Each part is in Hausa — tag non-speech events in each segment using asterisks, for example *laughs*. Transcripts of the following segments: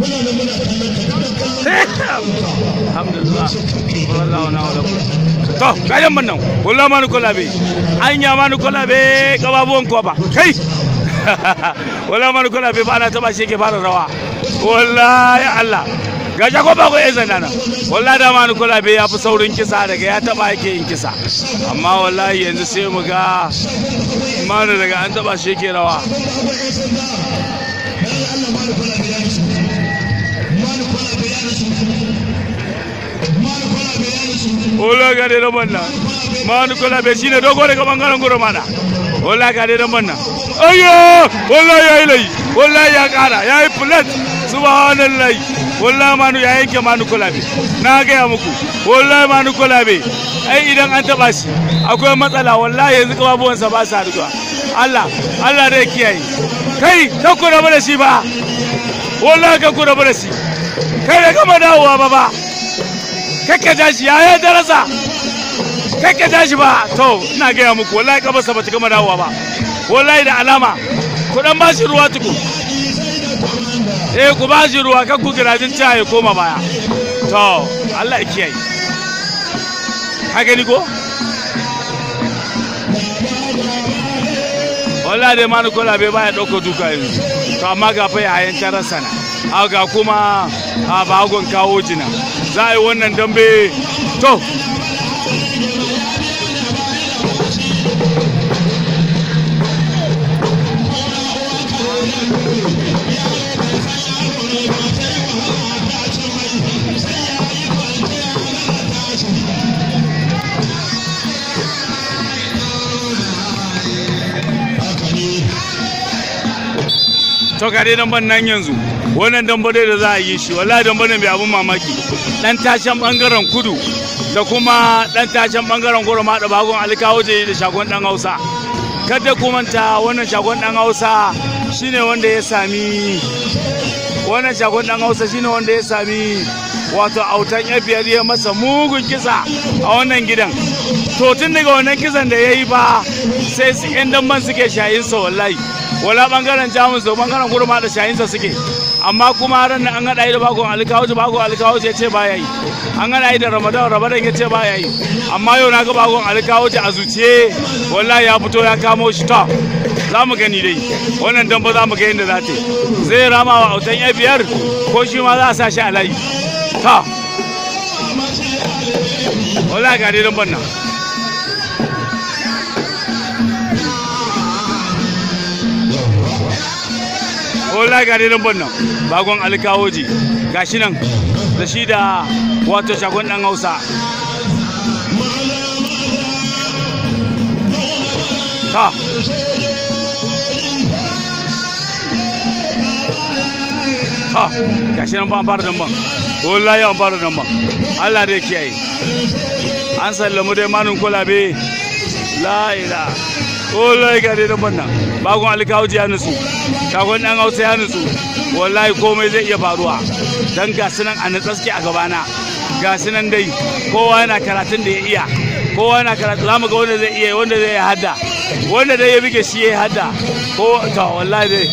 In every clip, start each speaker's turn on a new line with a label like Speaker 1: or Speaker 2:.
Speaker 1: muna nan muna to kayan ba kai *laughs* ba taba shi ke fara rawa wallahi Allah ga jago ba ko wallahi da ma ni ya fi saurin kisa daga ya taba yake yin kisa amma wallahi yanzu sai mu ga daga an taba shi ke rawa Ola gade do banna. Manu kola be do gore ko bangaren goro mana. Ola gade do banna. Ayyo! Ola yayi lai. Ola ya kara. Yayi plat. Subhanallah. Ola manu ya yanke manu kola be. Na ya muku. Ola manu kola be. Ai idan an taba shi akwai matsala wallahi yanzu kababuwansa ba sa haduwa. Allah, Allah dai kiyaye. Kai, ta kura da shi ba. Wallahi ka kura da shi. kai da gama dawowa ba ba kakka tashi ya yi darasa kakka tashi ba to ina gaya muku wallahi kabarsa ba ta gama dawowa ba wallahi da alama ku dan bashi ruwa tuku eh ku bashi ruwa kan ku girajin ta ya koma baya to Allah ya kiyaye ka gani ko wallahi dai manu kola bai baya dauko duka yanzu to amma ga fa ya tarar sana ga kuma a bagon kawo jina za a yi wannan dambe to to ga ban nan yanzu wannan dambare da za a yi shi wallahi dambare mai abun mamaki dan tashen bangaren kudu da kuma dan tashen bangaren goro ma da bagon alkawoje da shagon dan hausa kada ku manta wannan shagon dan hausa shine wanda ya sami wannan shagon dan hausa shine wanda ya sami wato autan FBR ya masa mugun kisa a wannan gidan to tun daga wannan kisan da ya yi ba sai su 'yan damban suke shayin sa wallahi wala bangaren jamus da bangaren gurma da shayinsa suke amma kuma ran an haɗa yi da bakon alkawuji bakon alkawuji ya ce ba ya yi an haɗa yi da ramadan ramadan ya ce ba ya yi amma yau na ga bakon alkawuji a zuciye wallahi ya fito ya kamo shi ta za mu gani dai wannan dan ba za mu ga yadda za ta zai rama wa autan ya biyar ko shi ma za a sa shi a layi ta wallahi ga dai dan banna wallahi ga daidan ban nan bagon alkawoji gashi nan da shi da wato shagon dan hausa ta ha gashi nan ba an fara damban wallahi an fara damban Allah dai kiyaye an sallamu dai manin kulabe la ilaha wallahi ga dai dabban nan bakon alkawuji ya nutsu shagon dan hausa ya nutsu wallahi komai zai iya faruwa dan ga sunan a nutsaske a gabana ga sunan dai kowa yana karatun da ya iya kowa yana karatu za mu ga wanda zai iya wanda zai hadda wanda dai ya bige shi ya hadda ko ta wallahi dai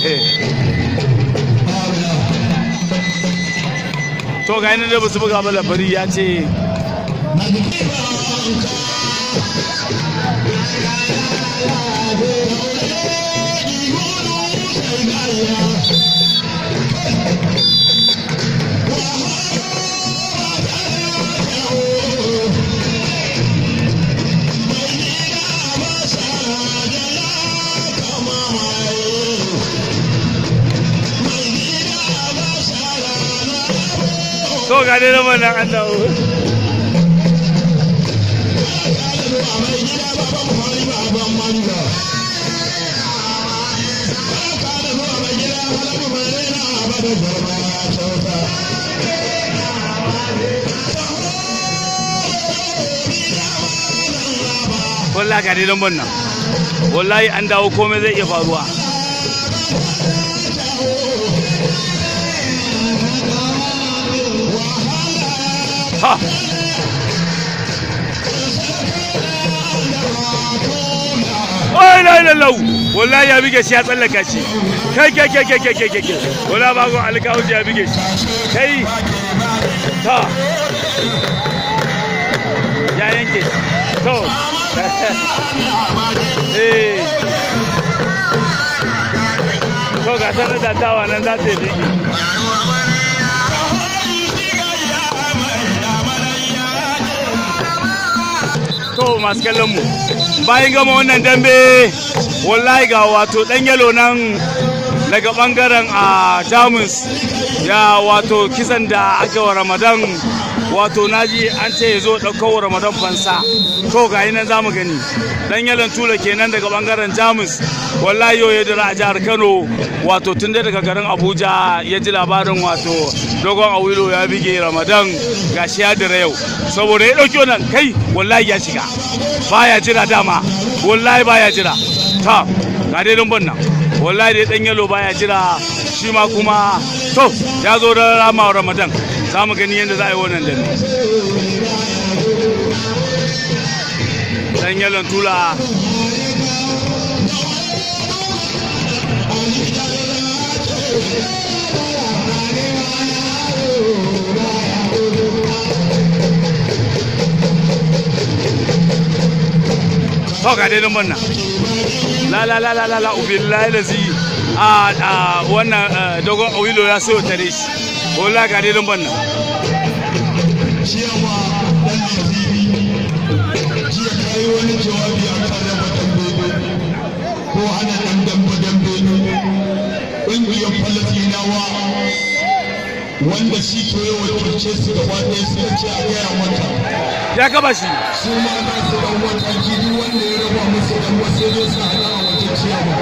Speaker 1: to ga yanar da ba su buga ba labari ya ce to ga dai na wannan annabi wallahi ga daidan ban nan wallahi an dawo komai zai iya faruwa ha Oi la la la wallahi ya bige shi ya tsallaka shi kai kai kai kai kai kai kai wallahi ba go alƙawari ya bige shi kai ta ya yanke to eh ko ga a da nan za ta yi to masu kallon mu bayan gama wannan dambe wallahi ga wato dan yalo nan daga bangaren a ah, jamus ya wato kisan da aka wa ramadan wato naji an ce ya zo ɗaukar ramadan fansa to ga nan za mu gani dan yalan tula kenan daga bangaren jamus wallahi yau ya dira a jihar kano wato tun da daga garin abuja ya ji labarin wato dogon awilo ya bige ramadan ga shi ya dira yau saboda ya ɗauki wannan kai wallahi ya shiga baya jira dama wallahi baya jira ta ga dai don nan wallahi dai dan yalo baya jira shi ma kuma to ya zo da rama ramadan za mu gani yadda za a yi wannan dambe dan yalon tula to ga dai nan la la la la la ubillahi lazi a ah, ah, wannan eh, dogon awilo ya so tare shi bola gari don banna. nan ciyawa dan nazibi
Speaker 2: jiya kai wani jawabi a kan raba dambe ko hana
Speaker 1: dan dambe dambe ƙungiyar falasinawa wanda shi ke yi kirce su gaba ɗaya suka ce a gaya mata ya gaba shi su ma na su ɗan wata duk wanda ya raba musu ɗan wasu ne su hana a wajen ciyawa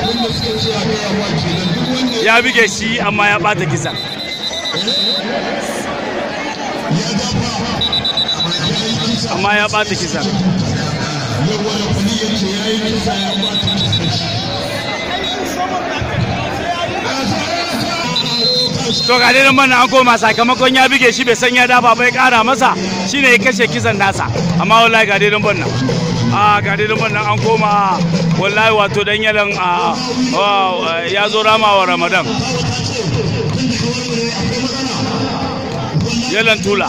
Speaker 2: abinda suka ce a gaya wa kenan
Speaker 1: duk wanda ya bige shi amma ya ɓata kisa amma ya bata kisa to ga dai nan an koma sakamakon ya bige shi bai san ya dafa bai kara masa shine ya kashe kisan nasa amma wallahi ga dai nan a ga dai nan an koma wallahi wato dan yalan a ya zo rama wa ramadan yalan tula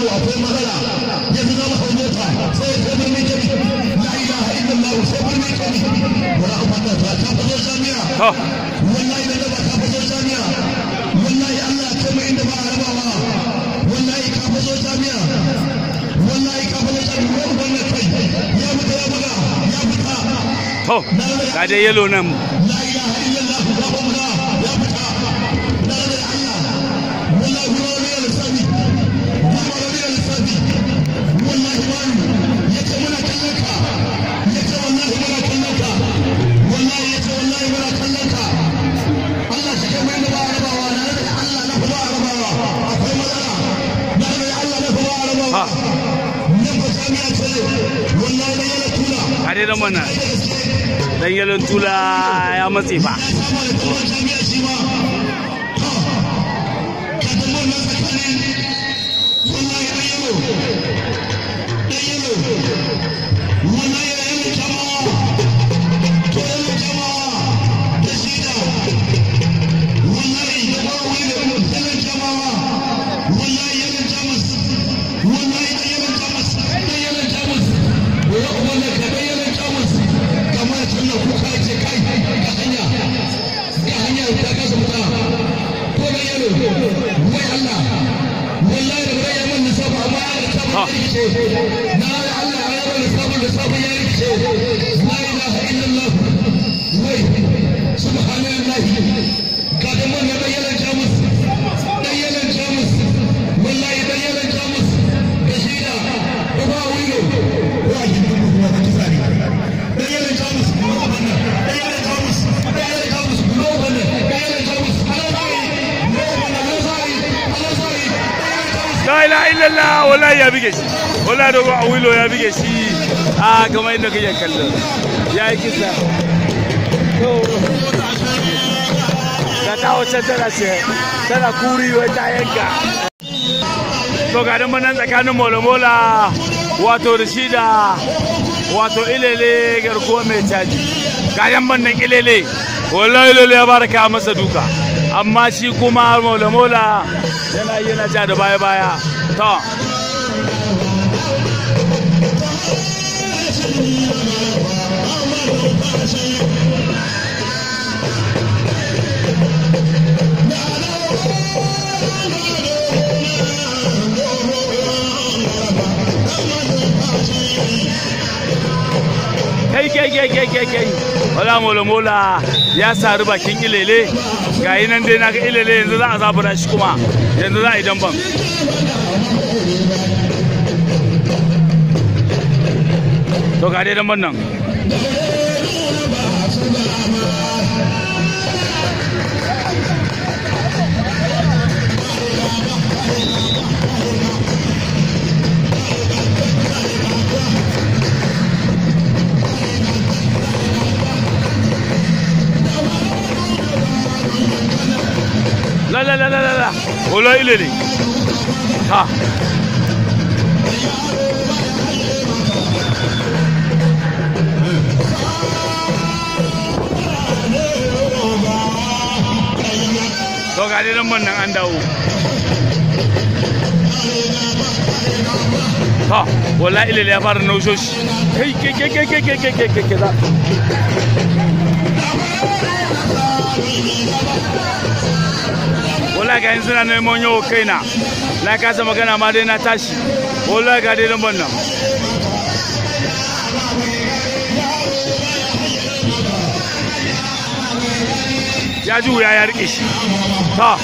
Speaker 2: yaro akwai matsala ya fi zama mota sai ko birnin sai ta jami'a wallahi da ba jami'a wallahi Allah mu inda ba a rabawa wallahi jami'a wallahi jami'a ya ya ya
Speaker 1: fita to ga dai yelo nan a dai mana dan yalon tula ya matse fa
Speaker 2: Wallahi ce na Allah ya rabu lissafin lissafin
Speaker 1: Bella wallahi ya bige shi wallahi b'a wilo ya bige shi a kamar inda kake kallo ya yi kisa ga ta wace tana ce tana kuri wa ta yanka to ga nan nan tsakanin mola-mola wato rishida, wato ilele garkuwa mai caji ga yan nan ilele wallahi ilele ya baraka masa duka amma shi kuma mola-mola yana yi na ja da baya baya to kai kai kai kai kai kai wala mola mola ya sari bakin ilele ga nan dai na ga ilele yanzu za a zabura shi kuma yanzu za a yi damban to ga dai damban nan la la la la la Ola ileri. Ha. To ga dai nan an dawo. Ha, wala ileri ya fara nausho shi. Kai kai kai kai kai kai kai kai kai wala ga yanzu na neman yau kai na kasa magana ma dai na tashi ko ga dai lambar nan ya ji wuya ya rike shi ta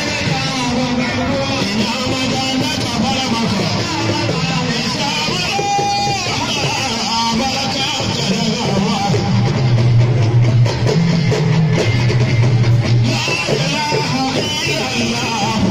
Speaker 1: Allah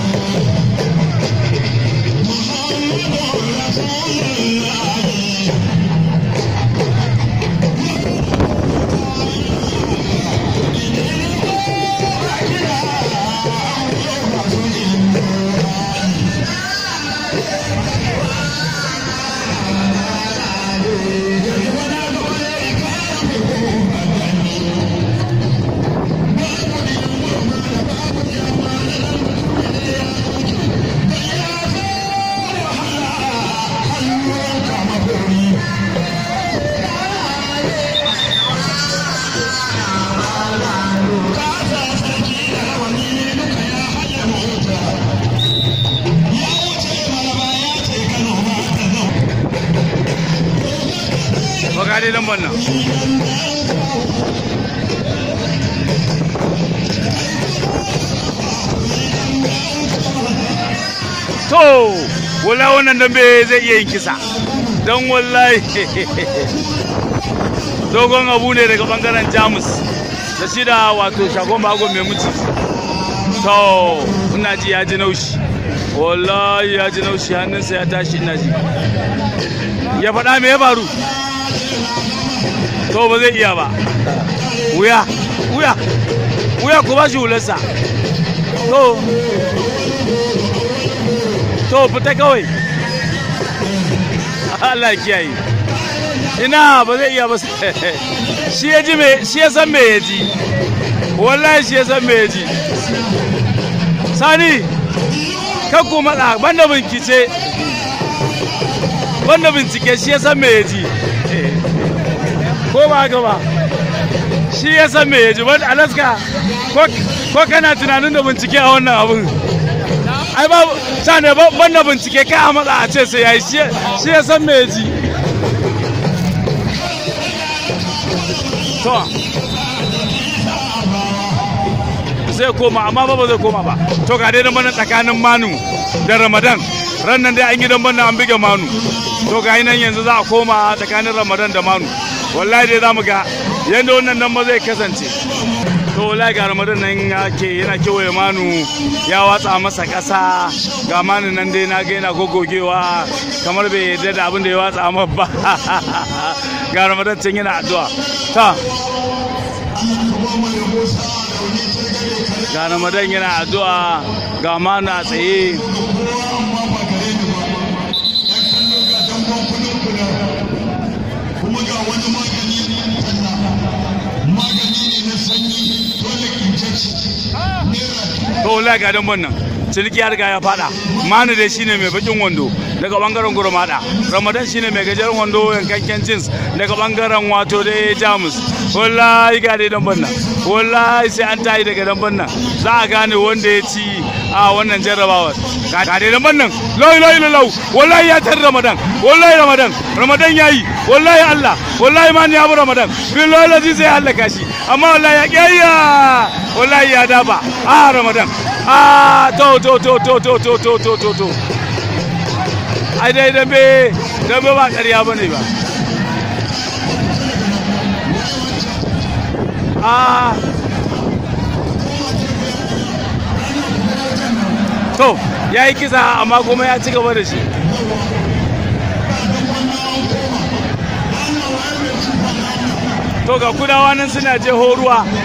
Speaker 1: wala wannan dambe zai iya yin kisa don wallahi *laughs* dogon abu ne daga bangaren jamus da shi da wato shagon bagon mai mutu to ina ji ya ji naushi wallahi ya ji naushi hannunsa ya tashi ina ji ya faɗa me ya faru to ba zai iya ba wuya wuya wuya ku ba shi hularsa to to fita kawai Allah kiyaye ina ba zai iya ba *laughs* shi ya ji me shi ya san me ya ji wallahi shi ya san me ya ji sani ka ku matsa banda bincike banda bincike shi ya san me ya ji ko ba haka ba shi ya san me ya ji wanda alaska ko kana tunanin da bincike a wannan abin ai ba sa ne ban na bincike kai a matsa a ce sai yayi shi ya san me ji to zai koma amma ba ba zai koma ba to ga dai nan tsakanin manu da ramadan ran nan dai an gidan banna an bige manu to ga nan yanzu za a koma tsakanin ramadan da manu wallahi dai za mu ga yadda wannan nan ma zai kasance to wallahi ga ramadan nan yake yana kewaye manu ya watsa masa ƙasa ga manu nan dai na ga yana gogogewa kamar bai yarda da abin da ya watsa masa ba *laughs* ga ramadan can yana addu'a ta ga ramadan yana addu'a ga manu a tsaye wallahi ga damban wannan ciniki ya riga ya fada mani dai shine mai bakin wando daga bangaren gurmada ramadan shine mai gajeren wando yankanken jeans daga bangaren wato dai jamus wallahi ga dai damban nan wallahi sai an tayi daga damban wannan za a gane wanda ya ci a wannan jarrabawa ga dai damban wannan lai lai lau wallahi ya tar ramadan wallahi ramadan ramadan yayi wallahi allah wallahi mani ya bi ramadan billahi lazi sai halaka shi amma wallahi ya kiyaya wallahi ya daba a ah, ramadan Aa ah, to to to to to to to to to to ai dai dambe dambe ba ƙarya ba ne ba a ah. to ya yi kisa amma kuma ya ci gaba da shi to ga kudawa nan suna je horuwa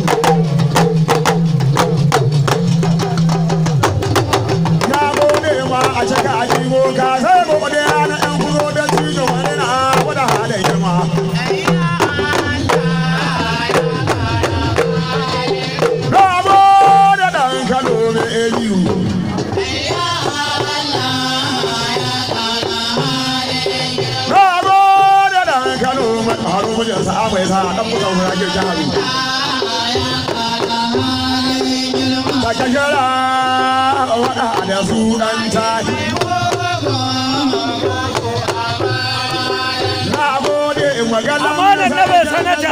Speaker 2: amanar na mai sanata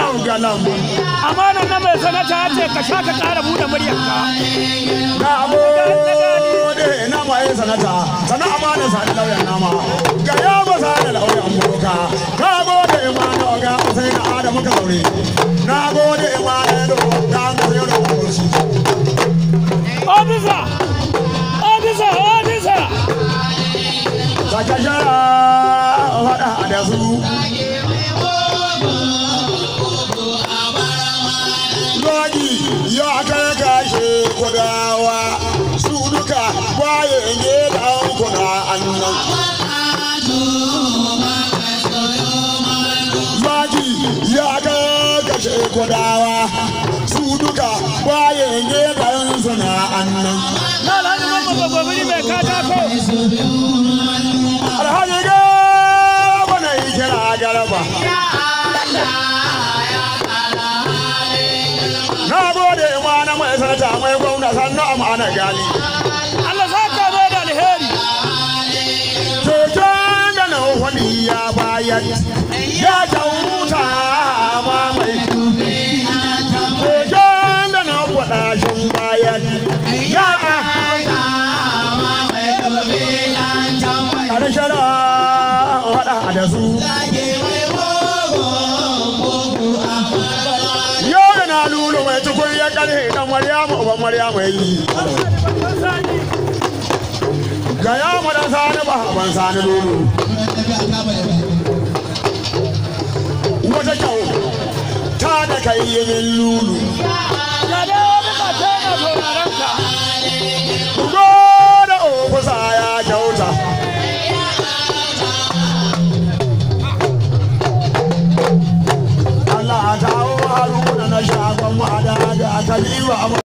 Speaker 2: amanar na mai sanata ce ka sha ka ƙara buɗe muryarka ga abode na mai sanata sana amanar sa da lauyan nama ga ya ba sa da lauyan boka ka gode ma na oga sai na adamu ka zaure na gode ma na yado na gode da ogoshi ofisa ofisa ofisa Saka shara a faɗa a da kudawa su duka bayan gidan kuna annan magi ya kakashe kudawa su duka bayan gidan suna annan alhaji ga wani kira garba na gode ma na mai mai Allah san na'am ana gali Allah saka mai da alheri ceton da na wani ya bayar ya jauta ma mai ceton da na wada shi ba maryamu uban ga ya mu dan sani ba ban sani lulu wata kyau ta da kai yin lulu Gode ofisa ya kyauta. shagon wada
Speaker 1: da